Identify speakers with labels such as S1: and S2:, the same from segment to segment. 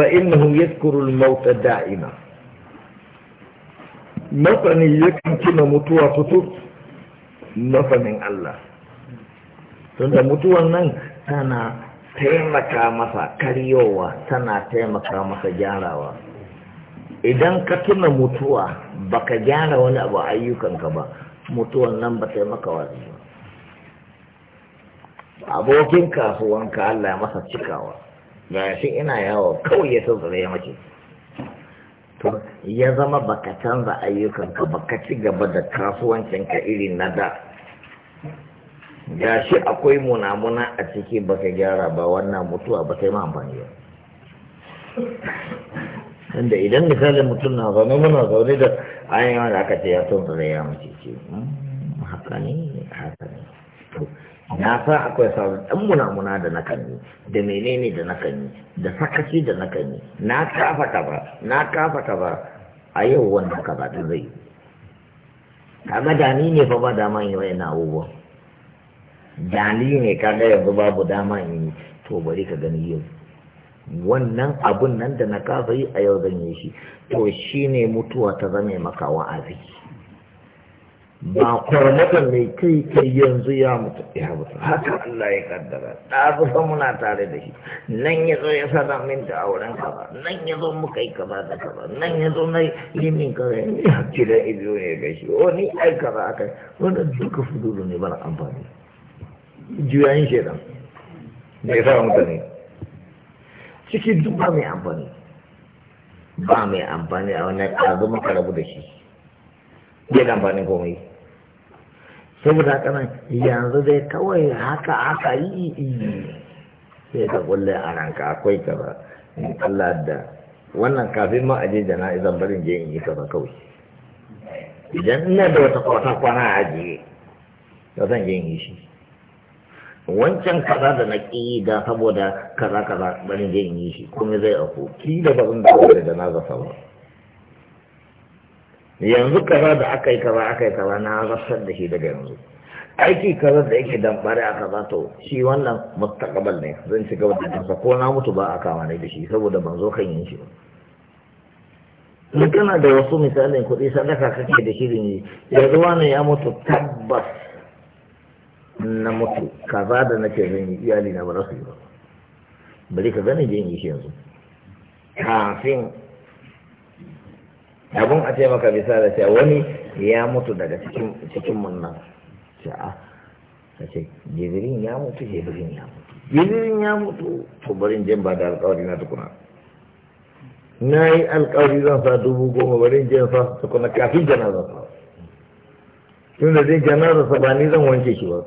S1: فإنه يذكر الموت دائما مثلا يكن كما متوى فتوت مثلا الله تند متوى نن تانا taimaka masa karyowa tana taimaka masa gyarawa idan ka tuna mutuwa baka gyara wani abu ayyukanka ba mutuwan nan ba maka wa ba abokin kasuwanka Allah ya masa cikawa ga shi ina yawo kawai ya sautsare ya mace to ya zama baka canza ayyukanka baka ci gaba da kasuwancinka irin na da ga shi akwai munamuna a ciki baka gyara ba wannan mutuwa ba sai ma amfani ba inda idan misalin mutum na zaune muna zaune da ayyukan da aka ce ya sautsare ya mace ce hmm, haka ne haka ne na sa akwai sauran ɗan munamuna da na kan yi da menene da na kan yi da sakaci da na kan yi na kafa ba na kafa ba a yau wanda ba ta zai kaga dani ne fa ba dama yi wa'ina abubuwan dani ne kaga yanzu babu dama yi to bari ka gani yau wannan abun nan da na kafa yi a yau zan yi shi to shi ne mutuwa ta zame maka wa'azi
S2: ba kwarmatan
S1: mai kai kai yanzu ya mutu ya mutu haka Allah ya kaddara zuwa muna tare da shi nan ya zo ya sada min da auren kaba, nan ya zo muka yi kaza da kaba, nan ya zo na yi min kaza ya yi hakira ido ne ga shi o ni ai kaza aka wanda duka fudulu ne bana amfani juyayin shaidan da ya sa mutane ciki duk ba mai amfani ba mai amfani a wannan ɗazu muka rabu da shi bai da amfanin komai saboda haka nan yanzu dai kawai haka aka yi sai ka kulle a ranka akwai kaza in Allah da wannan kafin ma aje jana'izan barin je in yi kaza kawai idan ina da wata kwata kwana a ajiye Ba zan je in yi shi wancan kaza da na ƙi da saboda kaza kaza barin je in yi shi kuma zai afo ki da ba zan dawo da zafa ba yanzu kaza da aka yi kaza aka yi kaza na rassar da shi daga yanzu aiki kaza da yake damfare a kaza to shi wannan mustaqbal ne zan shiga wata da ko na mutu ba a kama ne da shi saboda ban zo kan yin shi ba kana da wasu misalin kuɗi sadaka kake da shirin yi yanzu ne ya mutu tabbas na mutu kaza da nake zan yi iyali na ba za su yi ba bari ka gane jin shi yanzu kafin abin a ce maka bisa da cewa wani ya mutu daga cikin cikin mun a ce jibirin ya mutu jibirin ya mutu jibirin ya mutu to barin jin ba da alƙawari na tukuna na yi alƙawari zan sa dubu goma barin jin sa tukuna kafin janazar sa tun da zai janazar sa ba ni zan wanke shi ba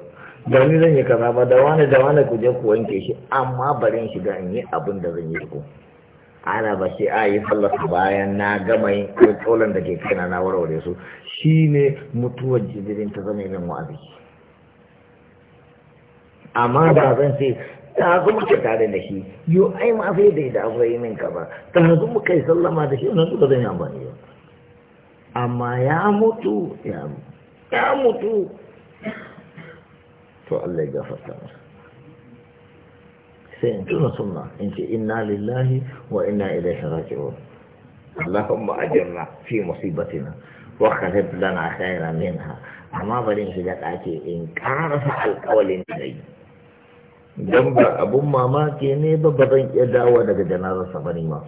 S1: ba ni zan yi kaza ba da wani da wani ku je ku wanke shi amma barin shiga in yi abin da zan yi tukuna ana ba shi a yi fallasa bayan na gama yin kolan da ke kaina na warware su shi ne mutuwar jirgin ta zama irin wa'azi amma ba zan ce ta zo muke tare da shi yo ai ma sai yi da abu yi min kaba ta zo muka yi sallama da shi wani duka zan yi amfani yau amma ya mutu ya mutu to Allah ya gafarta masa sai in tuna suna in ce ina lillahi wa inna ilaihi raji'un Allahumma ajirna fi musibatina wa khalid lana khayran minha amma bari in shiga ɗaki in karasa alƙawalin da yi don ba abun mamaki ne ba ba zan iya dawo daga janararsa ba ne ma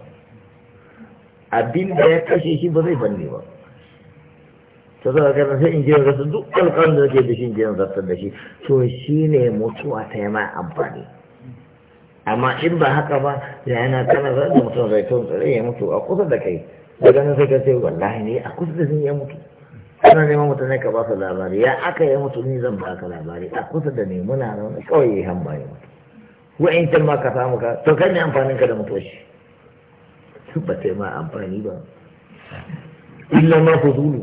S1: abin da ya kashe shi ba zai banne ba ta zaka kana sai in je ga duk alƙawarin da ke da shi in je zartar da shi to ne mutuwa ta yi mai amfani amma in ba haka ba ya yana kana zai da mutum zai tun tsare ya mutu a kusa da kai da ganin sai ka sai wallahi ne a kusa da ni ya mutu kana neman mutum ne ka ba su labari ya aka ya mutu ni zan ba ka labari a kusa da ni muna nan kawai ya hamba ya mutu can ma ka samu ka to kai ne amfanin ka da mutuwaci ba sai ma amfani ba illa ma ku zulu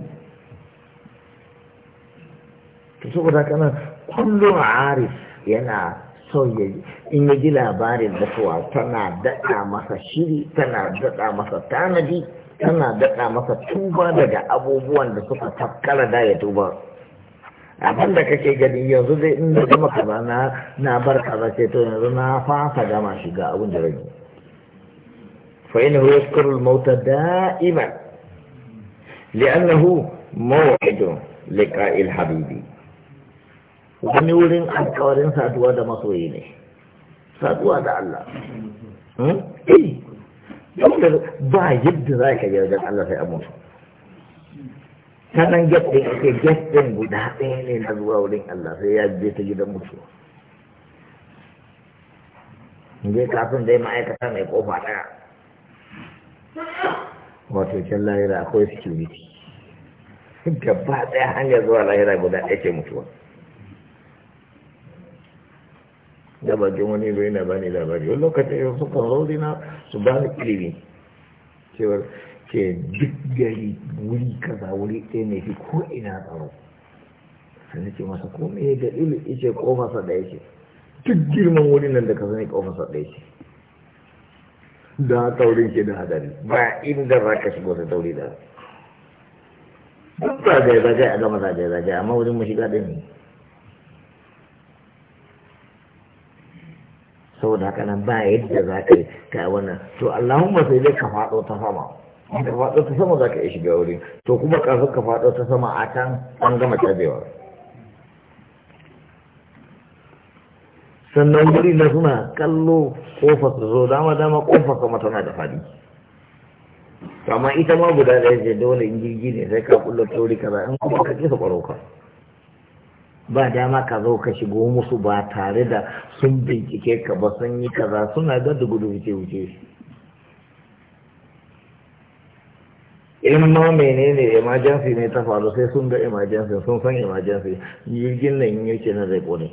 S1: to saboda kana kullum arif yana so ya in ya ji labarin mutuwa tana daɗa masa shiri tana daɗa masa tanadi tana daɗa masa tuba daga abubuwan da suka tafkara da ya tuba abin da kake gani yanzu dai in da gama kaza na na bar kaza ce to yanzu na fasa gama shiga abin da rage fa in huwa yaskurul mauta da'iman li'annahu maw'idu liqa'il habibi wani wurin alkawarin saduwa da masoyi ne saduwa da Allah eh ba yadda za ka yarda Allah sai abu. mutu sanan gaɗin ake gaɗin guda ɗaya ne na zuwa wurin Allah sai ya je ta gidan mutu. je kafin dai ma'aikata mai kofa ɗaya wato can lahira akwai security gaba ɗaya hanyar zuwa lahira guda ɗaya ce mutuwa da wani zai na bani labari wani lokacin yau suka rauni na su ba ni ilimi cewar ke duk gari wuri kaza wuri ɗaya ne fi ko ina tsaro sai ce masa ko me da ilu ice kofarsa da yake duk girman wuri nan da ka sani kofarsa da yake da taurin ke da hadari ba inda za ka shigo da tauri da duk zagaye zagaye a gama zagaye zagaye amma wurin mashiga ɗin ne saboda haka nan ba yadda za ka yi ka wannan to allahumma sai dai ka faɗo ta sama in ka faɗo ta sama za ka iya shiga wurin to kuma kafin ka faɗo ta sama a can an gama cajewa sannan wuri na suna kallo kofa su zo dama dama kofa kuma tana da faɗi amma ita ma guda ɗaya ce dole in jirgi ne sai ka kullo tauri kaza in kuma ka kisa ƙwaro ka ba dama ka zo ka shigo musu ba tare da sun bincike ka ba sun yi kaza suna da gudu wuce wuce su in ma menene emergency ne ta faru sai sun ga emergency sun san emergency jirgin nan yake na zaiko ne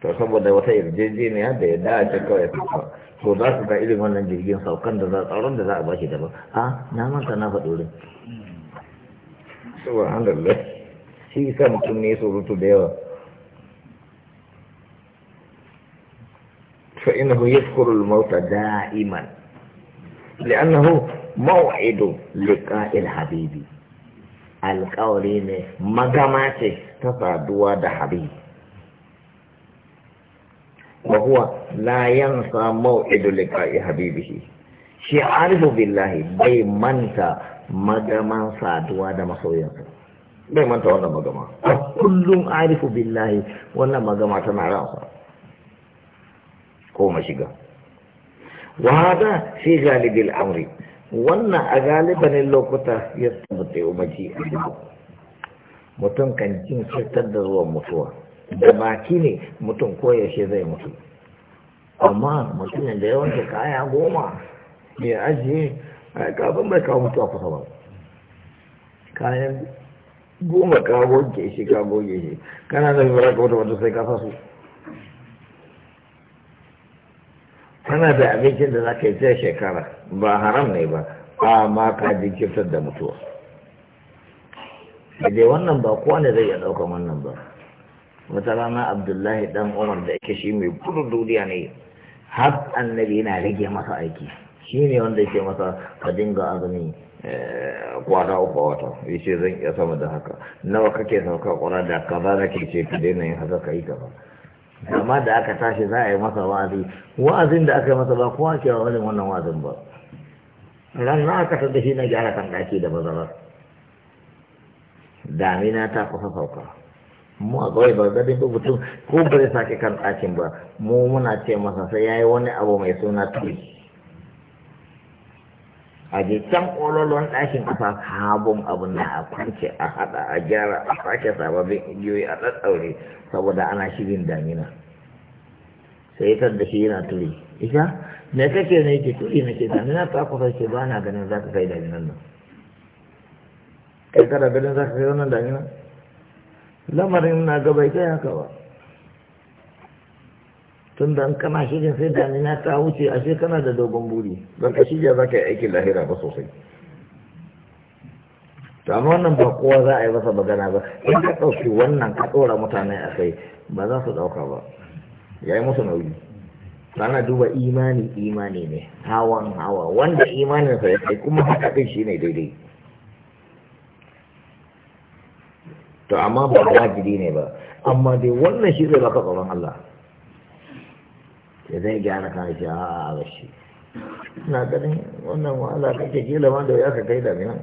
S1: to saboda wata yarjejeniya da ya dace kawai sauka to za su ga irin wannan jirgin saukan da za a tsaron da za a bashi daban a na manta na faɗo rin subhanallah shi kan mutum ne surutu da yawa فإنه يذكر الموت دائما لأنه موعد لقاء الحبيب القولين مقامات تصادوا ده حبيب وهو لا ينسى موعد لقاء حبيبه شي عارف بالله بي منسى مقاما صادوا ده مصوينسى bai manta wannan magama a kullum arifu billahi wannan magama ko mashiga
S2: hada
S1: fi galibil amri wannan a galiban lokuta ya tabbata yau maji mutum kan jin fitar da zuwan mutuwa da baki ne mutum koyaushe zai mutu amma mutumin da ke kaya goma ya ajiye a kafin bai kawo mutuwa kusa ba kayan goma kawo ke shi goge shi kana da lura ka wata wata sai ka su tana da abincin da za ka yi ta shekara ba haram ne ba ma ka jinkirtar da mutuwa dai wannan ba kowa ne zai iya ɗaukan wannan ba wata rana abdullahi dan umar da ake shi mai kudu duniya ne har annabi yana rage masa aiki shi ne wanda yake masa ka dinga azumi eh, kwana uku a wata ya ce zan iya sama da haka nawa kake sauka kwana da kaza nake ce ka daina yin haka ka yi gaba amma da aka tashi za a yi masa wa'azi wa'azin da aka yi masa ba kowa ke wa wani wannan wa'azin ba ran na aka da shi na gyara kan daki da bazara damina ta kusa sauka mu a kawai ba gadin ba mutum ko bai sake kan ɗakin ba mu muna ce masa sai yayi wani abu mai suna tuli a je can ƙololon ɗakin kafa habon abin na a kwanci a haɗa a gyara a sake sababbin igiyoyi a ɗaɗɗaure saboda ana shirin damina sai ta da shi yana turi ita me kake ne ke turi na ke damina ta kusa ce ba na ganin za ka kai daminan nan kai kada ganin za ka kai wannan damina lamarin na gaba ita ya haka ba tun da kana shirin sai damina ta wuce a kana da dogon buri ba ka shirya za ka yi aikin lahira ba sosai to amma wannan ba kowa za a yi masa magana ba in ka ɗauki wannan ka ɗora mutane a kai ba za su ɗauka ba ya yi musu nauyi sana duba imani imani ne hawan hawa wanda imaninsa ya kai kuma haka ɗin shi ne daidai to amma ba wajibi ne ba amma dai wannan shi zai baka tsoron Allah يدين جانا كان شاء هذا الشيء نادني وانه على كيكي لما دو ياسا كيدا بنا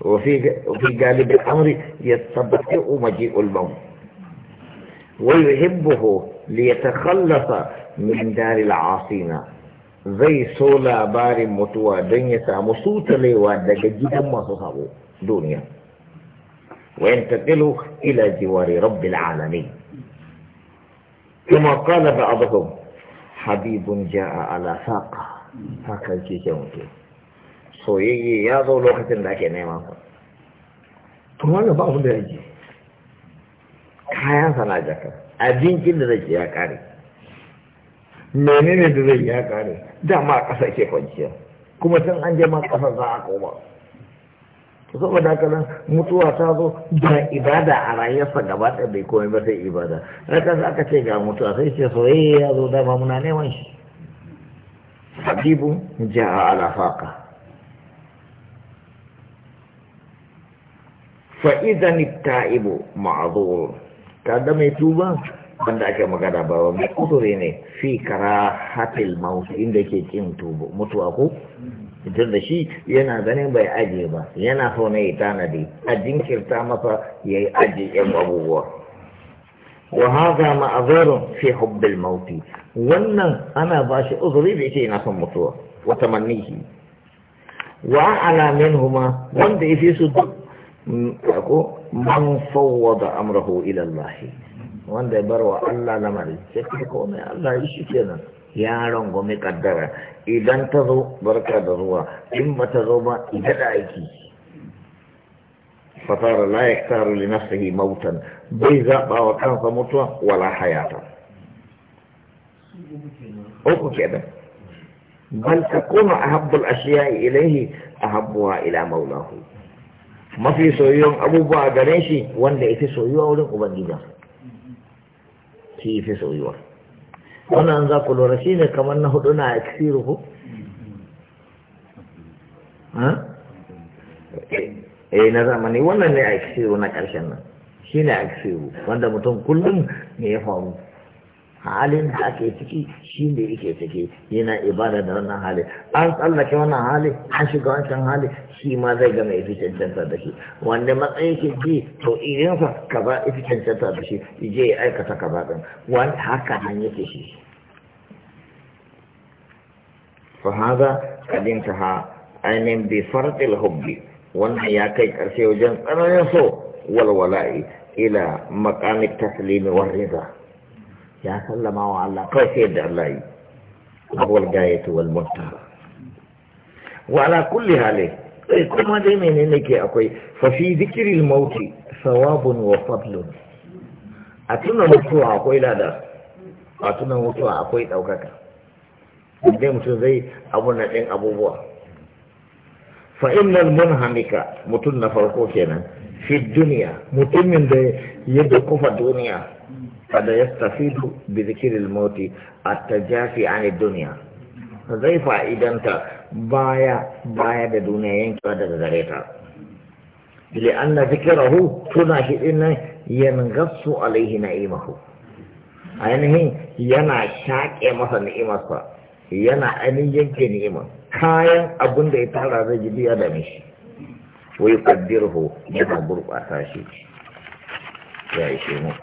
S1: وفي وفي جانب الامر يتبقى مجيء الموت ويحبه ليتخلص من دار العاصينا زي سولا بار متوا دنيا مصوت لي وادك جدا ما صحابه دنيا وينتقل الى جوار رب العالمين kuma kala ba abubuwan habibun jiya ala saƙa haka ke ke mutu soyayye ya zo lokacin da ake nema ku kuma ga ba abin da yake kayan sana jaka abincin da zai ya kare menene da zai ya kare dama ƙasa ke kwanciya kuma tun an je ma ƙasa za a koma to saboda haka nan mutuwa ta zo da ibada a rayuwarsa gaba da bai komai ba sai ibada rakan aka ce ga mutuwa sai ce soyayya ya zo dama muna neman shi habibu ja'a a alafaka fa idan ta'ibu ma'zur da mai tuba banda ake magana ba mai kusure ne fi karahatil maut inda ke kin tuba mutuwa ko tun da shi yana ganin bai ajiye ba yana so na tanadi a jinkirta masa ya yi ajiye yan abubuwa wa haza ma'azarun fi hubbil mauti wannan ana ba shi uzuri da yake yana son mutuwa wa tamannihi wa ala huma wanda yafi su duk ko man fawwada amrahu ila Allah wanda ya barwa Allah lamari sai kuma Allah ya shi kenan yaron gome kaddara idan ta zo barka da ruwa in ba ta zo ba ita da aiki fasara la ya taru li nafsihi mautan bai zaɓa wa kansa mutuwa wala hayata uku kenan bal takunu ahabbul ashiya'i ilayhi ahabbuha ila maulahu mafi soyuwan abubuwa gare shi wanda ya fi soyuwa wurin ubangijin shi fi soyuwa wannan za ku lura shi ne kamar na hudu na aksiru ku eh na zamani wannan ne aksiru na ƙarshen nan shi ne aksiru wanda mutum kullum ne ya faru halin da ake ciki shi ne yake ciki yana ibada da wannan hali an tsallake wannan hali an shiga wancan hali shi ma zai gama ya fi cancanta da shi wanda matsayin ke ji to irinsa kaza ya fi cancanta da shi je ya aikata kaza din wani haka nan yake shi fa hada kadinta ha ainihin bi fardil hubbi wannan ya kai karshe wajen tsananin so walwala'i ila maqamit taslimi war rida ya sallama wa Allah kai sai da Allah yi abuwar gayatu wal muntaha wa ala kulli hali sai eh, kuma dai menene ke akwai fa fi mauti sawabun wa fadlun a tuna mutuwa akwai lada a tuna mutuwa akwai daukaka dai mutum zai abu na din abubuwa fa innal munhamika mutum na farko kenan fi duniya mutumin da ya kufa duniya kada ya tafidu bi zikirin moti a ta jafi an duniya zai fa'idanta baya baya da duniya yankewa daga gare ta li anna zikirahu tuna shi dinnan yangassu alaihi na'imahu ainihin yana shaƙe masa ni'imarsa yana ainihin yanke ni'imar kayan abin da ya tara zai ji biya da mishi wai kaddirhu yana gurɓata shi ya ishe mun.